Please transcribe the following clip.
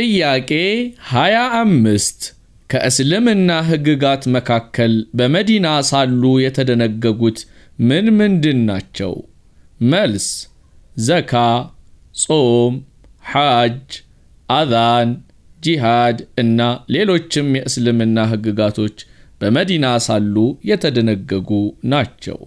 ጥያቄ 25 ከእስልምና ሕግጋት መካከል በመዲና ሳሉ የተደነገጉት ምን ምንድን ናቸው? መልስ፣ ዘካ፣ ጾም፣ ሐጅ፣ አዛን፣ ጂሃድ እና ሌሎችም የእስልምና ሕግጋቶች በመዲና ሳሉ የተደነገጉ ናቸው።